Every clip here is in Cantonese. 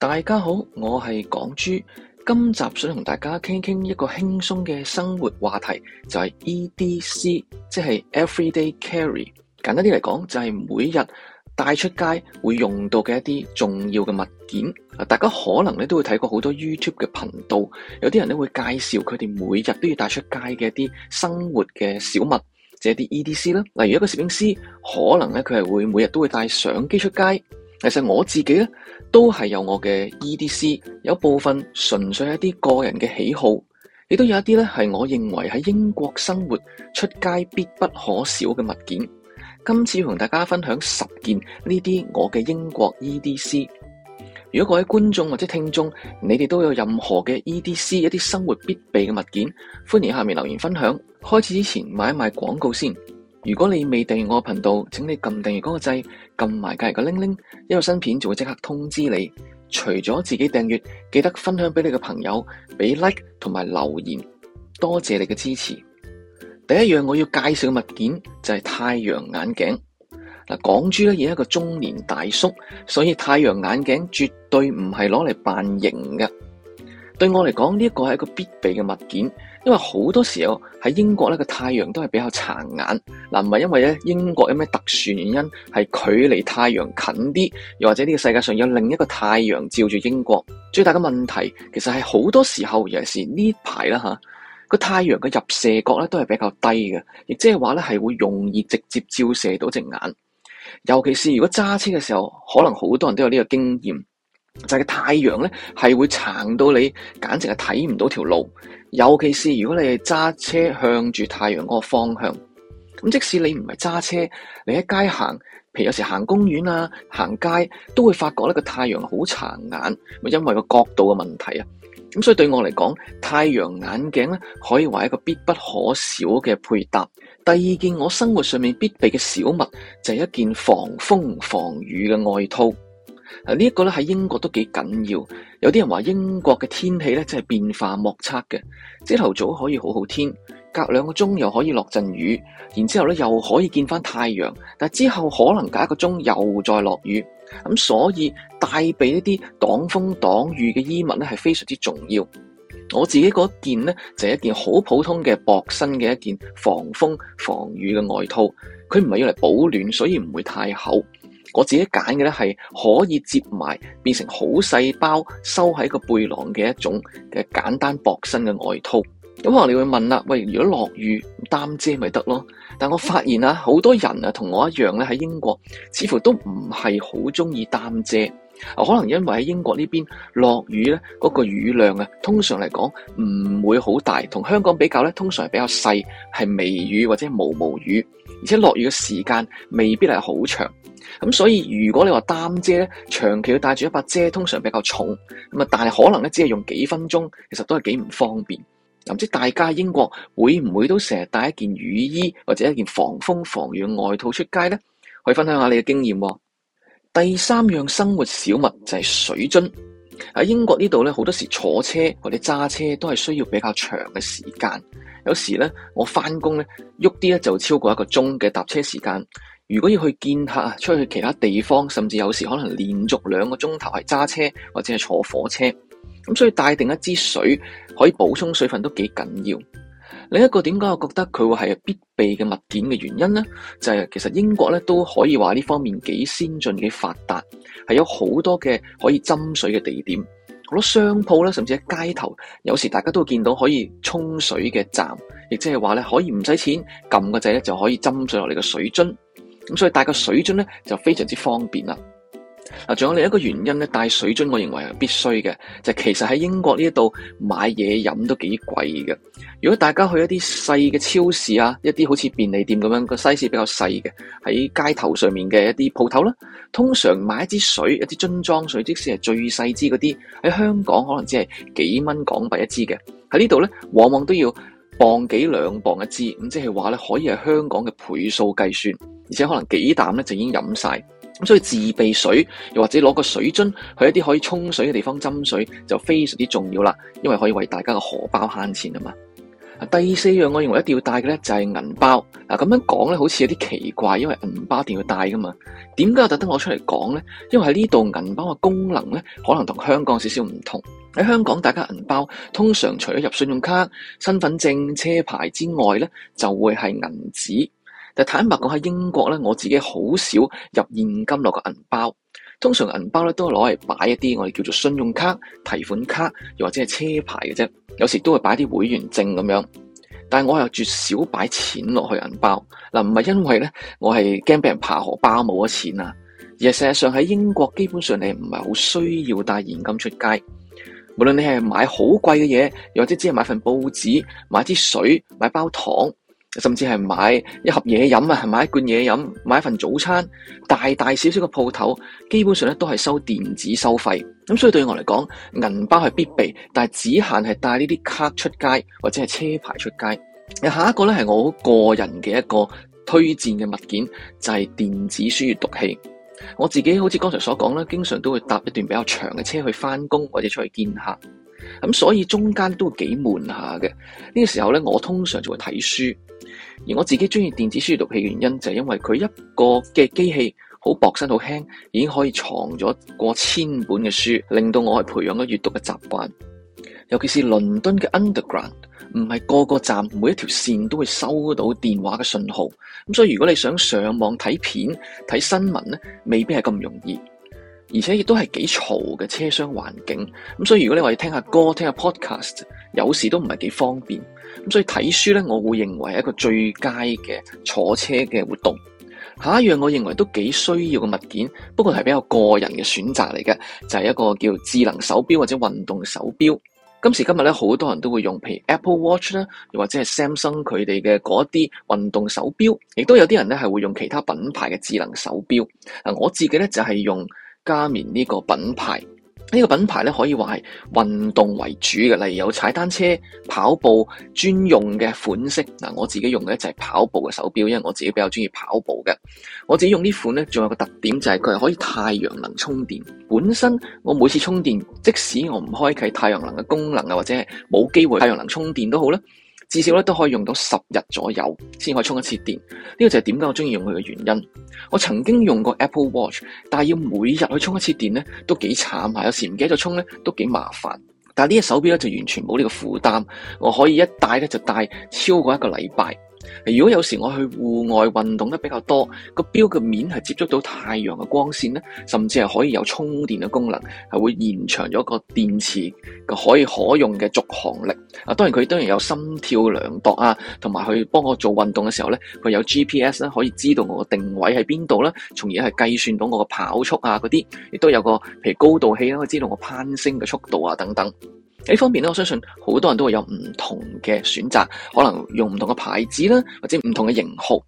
大家好，我係港珠，今集想同大家傾傾一個輕鬆嘅生活話題，就係 E D C，即係 Everyday Carry。簡單啲嚟講，就係每日帶出街會用到嘅一啲重要嘅物件。啊，大家可能咧都會睇過好多 YouTube 嘅頻道，有啲人咧會介紹佢哋每日都要帶出街嘅一啲生活嘅小物，即係啲 E D C 啦。例如一個攝影師，可能咧佢係會每日都會帶相機出街。其實我自己咧都係有我嘅 EDC，有部分純粹係一啲個人嘅喜好，亦都有一啲咧係我認為喺英國生活出街必不可少嘅物件。今次要同大家分享十件呢啲我嘅英國 EDC。如果各位觀眾或者聽眾，你哋都有任何嘅 EDC 一啲生活必備嘅物件，歡迎下面留言分享。開始之前買一買廣告先。如果你未訂閱我個頻道，請你撳訂閱嗰個掣，撳埋隔籬個鈴鈴，一個新片就會即刻通知你。除咗自己訂閱，記得分享俾你嘅朋友，俾 like 同埋留言，多謝你嘅支持。第一樣我要介紹嘅物件就係太陽眼鏡。嗱，港豬咧而一個中年大叔，所以太陽眼鏡絕對唔係攞嚟扮型嘅。對我嚟講，呢一個係一個必備嘅物件。因為好多時候喺英國咧個太陽都係比較殘眼，嗱，唔係因為咧英國有咩特殊原因，係距離太陽近啲，又或者呢個世界上有另一個太陽照住英國？最大嘅問題其實係好多時候，尤其是呢排啦吓，個太陽嘅入射角咧都係比較低嘅，亦即係話咧係會容易直接照射到隻眼，尤其是如果揸車嘅時候，可能好多人都有呢個經驗。就係太陽咧，係會殘到你，簡直係睇唔到條路。尤其是如果你係揸車向住太陽嗰個方向，咁即使你唔係揸車，你喺街行，譬如有時行公園啊、行街，都會發覺呢個太陽好殘眼，咪因為個角度嘅問題啊。咁所以對我嚟講，太陽眼鏡咧可以話一個必不可少嘅配搭。第二件我生活上面必備嘅小物就係一件防風防雨嘅外套。啊！呢一個咧喺英國都幾緊要，有啲人話英國嘅天氣咧真係變化莫測嘅，朝頭早可以好好天，隔兩個鐘又可以落陣雨，然之後咧又可以見翻太陽，但之後可能隔一個鐘又再落雨，咁所以帶備一啲擋風擋雨嘅衣物咧係非常之重要。我自己嗰件呢，就係一件好普通嘅薄身嘅一件防風防雨嘅外套，佢唔係要嚟保暖，所以唔會太厚。我自己揀嘅咧係可以摺埋，變成好細包，收喺個背囊嘅一種嘅簡單薄身嘅外套。咁可能你會問啦，喂，如果落雨，擔遮咪得咯？但我發現啊，好多人啊同我一樣咧喺英國，似乎都唔係好中意擔遮。可能因為喺英國呢邊落雨咧，嗰個雨量啊，通常嚟講唔會好大，同香港比較咧，通常係比較細，係微雨或者毛毛雨。而且落雨嘅時間未必係好長，咁所以如果你話擔遮咧，長期要帶住一把遮，通常比較重咁啊，但係可能咧只係用幾分鐘，其實都係幾唔方便。唔知大家英國會唔會都成日帶一件雨衣或者一件防風防雨外套出街呢？可以分享下你嘅經驗。第三樣生活小物就係水樽。喺英國呢度咧，好多時坐車或者揸車都係需要比較長嘅時間。有時咧，我返工咧，喐啲咧就超過一個鐘嘅搭車時間。如果要去見客啊，出去其他地方，甚至有時可能連續兩個鐘頭係揸車或者係坐火車。咁所以帶定一支水可以補充水分都幾緊要。另一個點解我覺得佢會係必備嘅物件嘅原因呢，就係其實英國咧都可以話呢方面幾先進幾發達，係有好多嘅可以斟水嘅地點。好多商鋪咧，甚至喺街頭，有時大家都會見到可以沖水嘅站，亦即係話咧可以唔使錢撳個掣咧就可以斟水落嚟嘅水樽，咁所以帶個水樽咧就非常之方便啦。嗱，仲有另一個原因咧，帶水樽，我認為係必須嘅。就係其實喺英國呢度買嘢飲都幾貴嘅。如果大家去一啲細嘅超市啊，一啲好似便利店咁樣個 size 比較細嘅，喺街頭上面嘅一啲鋪頭啦，通常買一支水，一支樽裝水，即使係最細支嗰啲，喺香港可能只係幾蚊港幣一支嘅，喺呢度咧，往往都要磅幾兩磅一支，咁即係話咧，可以係香港嘅倍數計算，而且可能幾啖咧就已經飲晒。咁所以自備水，又或者攞個水樽去一啲可以沖水嘅地方斟水，就非常之重要啦，因為可以為大家嘅荷包慳錢啊嘛。第四樣，我認為一定要帶嘅咧就係銀包。嗱咁樣講咧，好似有啲奇怪，因為銀包一定要帶噶嘛。點解特登攞出嚟講呢？因為喺呢度銀包嘅功能咧，可能同香港少少唔同。喺香港，大家銀包通常除咗入信用卡、身份證、車牌之外咧，就會係銀紙。但坦白講喺英國咧，我自己好少入現金落個銀包，通常銀包咧都攞嚟擺一啲我哋叫做信用卡、提款卡，又或者係車牌嘅啫。有時都會擺啲會員證咁樣。但我又絕少擺錢落去銀包。嗱、啊，唔係因為咧，我係驚俾人扒荷包冇咗錢啊，而係實際上喺英國基本上你唔係好需要帶現金出街。無論你係買好貴嘅嘢，又或者只係買份報紙、買啲水、買包糖。甚至係買一盒嘢飲啊，係買一罐嘢飲，買一份早餐。大大小小嘅鋪頭，基本上咧都係收電子收費。咁所以對我嚟講，銀包係必備，但係只限係帶呢啲卡出街或者係車牌出街。下一個咧係我個人嘅一個推薦嘅物件就係電子書閱讀器。我自己好似剛才所講啦，經常都會搭一段比較長嘅車去翻工，或者出去見客，咁所以中間都幾悶下嘅。呢個時候咧，我通常就會睇書。而我自己中意電子書讀器嘅原因就係因為佢一個嘅機器好薄身好輕，已經可以藏咗過千本嘅書，令到我係培養咗閱讀嘅習慣。尤其是倫敦嘅 underground，唔係個個站每一條線都會收到電話嘅信號，咁所以如果你想上網睇片、睇新聞咧，未必係咁容易。而且亦都係幾嘈嘅車廂環境，咁所以如果你話要聽下歌、聽下 podcast，有時都唔係幾方便。咁所以睇書咧，我會認為一個最佳嘅坐車嘅活動。下一樣我認為都幾需要嘅物件，不過係比較個人嘅選擇嚟嘅，就係一個叫智能手錶或者運動手錶。今時今日咧，好多人都會用，譬如 Apple Watch 啦，又或者係 Samsung 佢哋嘅嗰啲運動手錶，亦都有啲人咧係會用其他品牌嘅智能手錶。嗱，我自己咧就係用加棉呢個品牌。呢個品牌咧可以話係運動為主嘅，例如有踩單車、跑步專用嘅款式。嗱，我自己用嘅就係跑步嘅手錶，因為我自己比較鍾意跑步嘅。我自己用呢款咧，仲有個特點就係佢係可以太陽能充電。本身我每次充電，即使我唔開啟太陽能嘅功能啊，或者係冇機會太陽能充電都好啦。至少咧都可以用到十日左右先可以充一次電，呢個就係點解我中意用佢嘅原因。我曾經用過 Apple Watch，但係要每日去充一次電咧都幾慘啊，有時唔記得咗充咧都幾麻煩。但係呢隻手錶咧就完全冇呢個負擔，我可以一戴咧就戴超過一個禮拜。如果有時我去戶外運動得比較多，個錶嘅面係接觸到太陽嘅光線，甚至係可以有充電嘅功能，係會延長咗個電池嘅可以可用嘅續航力。啊，當然佢當然有心跳量度啊，同埋佢幫我做運動嘅時候呢，佢有 GPS 咧，可以知道我嘅定位喺邊度啦，從而係計算到我嘅跑速啊嗰啲，亦都有個譬如高度器，可以知道我嘅攀升嘅速度啊等等。呢方面咧，我相信好多人都會有唔同嘅選擇，可能用唔同嘅牌子啦，或者唔同嘅型號。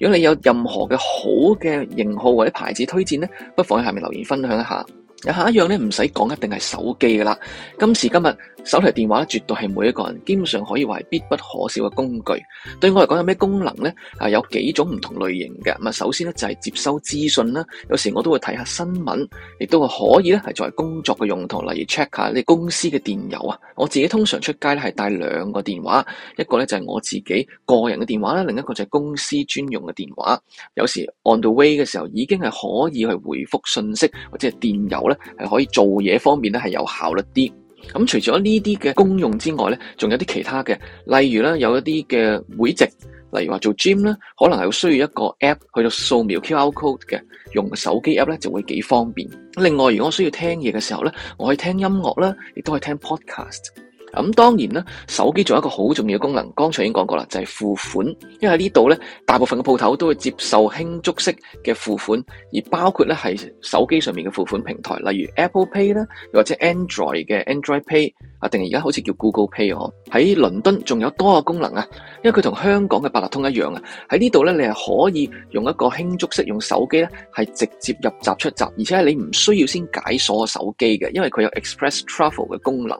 如果你有任何嘅好嘅型號或者牌子推薦咧，不妨喺下面留言分享一下。有下一樣咧，唔使講一定係手機噶啦，今時今日。手提電話咧，絕對係每一個人基本上可以話係必不可少嘅工具。對我嚟講，有咩功能呢？啊，有幾種唔同類型嘅。咁啊，首先咧就係接收資訊啦。有時我都會睇下新聞，亦都係可以咧係作為工作嘅用途，例如 check 下你公司嘅電郵啊。我自己通常出街咧係帶兩個電話，一個咧就係我自己個人嘅電話啦，另一個就係公司專用嘅電話。有時 on the way 嘅時候，已經係可以去回覆信息或者係電郵咧，係可以做嘢方面咧係有效率啲。咁除咗呢啲嘅功用之外咧，仲有啲其他嘅，例如咧有一啲嘅會籍，例如話做 gym 咧，可能係需要一個 app 去到掃描 QR code 嘅，用手機 app 咧就會幾方便。另外，如果我需要聽嘢嘅時候咧，我可以聽音樂啦，亦都可以聽 podcast。咁當然啦，手機仲有一個好重要嘅功能，剛才已經講過啦，就係付款。因為喺呢度呢，大部分嘅鋪頭都會接受輕觸式嘅付款，而包括呢係手機上面嘅付款平台，例如 Apple Pay 啦，又或者 Android 嘅 Android Pay 啊，定係而家好似叫 Google Pay 呵。喺倫敦仲有多個功能啊，因為佢同香港嘅八達通一樣啊。喺呢度呢，你係可以用一個輕觸式用手機呢，係直接入閘出閘，而且你唔需要先解鎖手機嘅，因為佢有 Express Travel 嘅功能。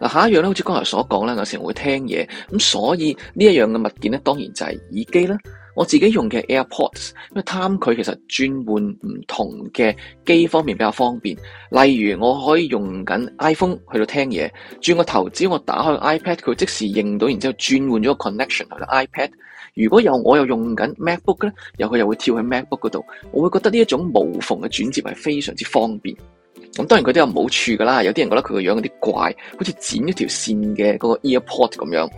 嗱，下一樣咧，好似剛才所講咧，有時我會聽嘢，咁所以呢一樣嘅物件咧，當然就係耳機啦。我自己用嘅 AirPods，因為貪佢其實轉換唔同嘅機方面比較方便。例如，我可以用緊 iPhone 去到聽嘢，轉個頭，只要我打開 iPad，佢即時認到，然之後轉換咗個 connection 去到 iPad。如果有我又用緊 MacBook 咧，又佢又會跳喺 MacBook 嗰度，我會覺得呢一種無縫嘅轉接係非常之方便。咁當然佢都有冇處㗎啦，有啲人覺得佢個樣有啲怪，好似剪咗條線嘅嗰個 AirPod 咁樣。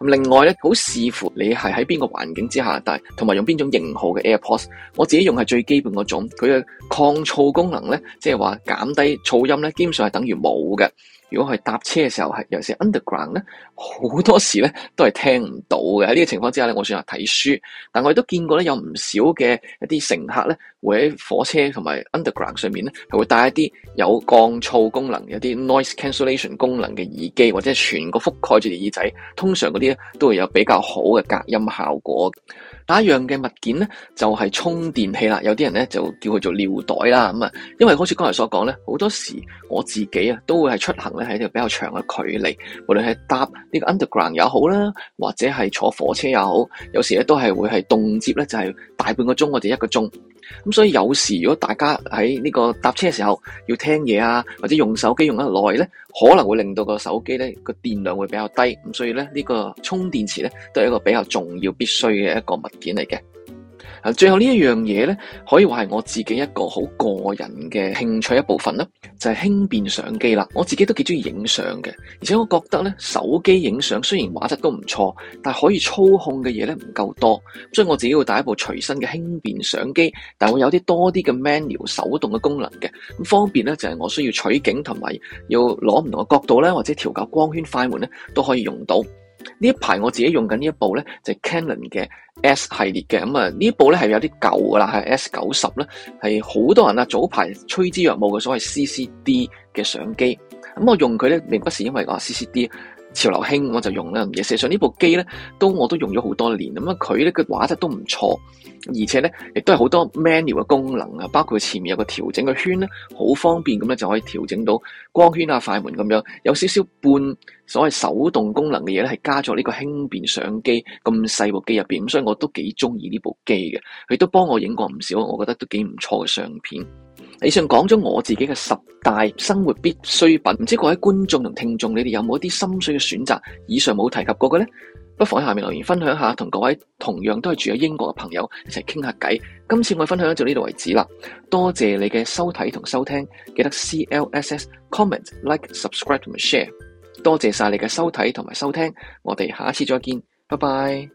咁另外咧，好視乎你係喺邊個環境之下，但係同埋用邊種型號嘅 AirPods，我自己用係最基本嗰種，佢嘅抗噪功能咧，即係話減低噪音咧，基本上係等於冇嘅。如果係搭車嘅時候係尤其是 underground 咧，好多時咧都係聽唔到嘅。呢個情況之下咧，我選擇睇書。但我亦都見過咧，有唔少嘅一啲乘客咧，會喺火車同埋 underground 上面咧，係會帶一啲有降噪功能、有啲 noise cancellation 功能嘅耳機，或者係全個覆蓋住耳仔。通常嗰啲咧都會有比較好嘅隔音效果。第一樣嘅物件咧就係充電器啦，有啲人咧就叫佢做尿袋啦咁啊，因為好似剛才所講咧，好多時我自己啊都會係出行。係一條比較長嘅距離，無論係搭呢個 underground 也好啦，或者係坐火車也好，有時咧都係會係動輒，咧，就係大半個鐘，或者一個鐘。咁所以有時如果大家喺呢個搭車嘅時候要聽嘢啊，或者用手機用得耐咧，可能會令到個手機咧個電量會比較低。咁所以咧呢個充電池咧都係一個比較重要、必須嘅一個物件嚟嘅。最後呢一樣嘢呢，可以話係我自己一個好個人嘅興趣一部分啦，就係輕便相機啦。我自己都幾中意影相嘅，而且我覺得呢手機影相雖然畫質都唔錯，但係可以操控嘅嘢呢唔夠多，所以我自己會帶一部隨身嘅輕便相機，但係會有啲多啲嘅 manual 手動嘅功能嘅，咁方便呢，就係我需要取景同埋要攞唔同嘅角度呢，或者調校光圈快門呢，都可以用到。呢一排我自己用緊呢一部咧，就 Canon 嘅 S 系列嘅，咁啊呢部咧係有啲舊噶啦，係 S 九十咧，係好多人啊早排趨之若鶩嘅所謂 CCD 嘅相機，咁我用佢咧並不是因為個 CCD。潮流興我就用啦，事實上，呢部機咧都我都用咗好多年咁啊，佢咧個畫質都唔錯，而且咧亦都係好多 manual 嘅功能啊，包括前面有個調整嘅圈咧，好方便咁咧就可以調整到光圈啊、快門咁樣，有少少半所謂手動功能嘅嘢咧，係加咗呢個輕便相機咁細部機入面。所以我都幾中意呢部機嘅，佢都幫我影過唔少，我覺得都幾唔錯嘅相片。以上講咗我自己嘅十大生活必需品，唔知各位觀眾同聽眾，你哋有冇一啲心水嘅選擇？以上冇提及過嘅呢，不妨喺下面留言分享下，同各位同樣都係住喺英國嘅朋友一齊傾下偈。今次我分享到呢度為止啦，多謝你嘅收睇同收聽，記得 C L S S comment like subscribe 同埋 share。多謝晒你嘅收睇同埋收聽，我哋下次再見，拜拜。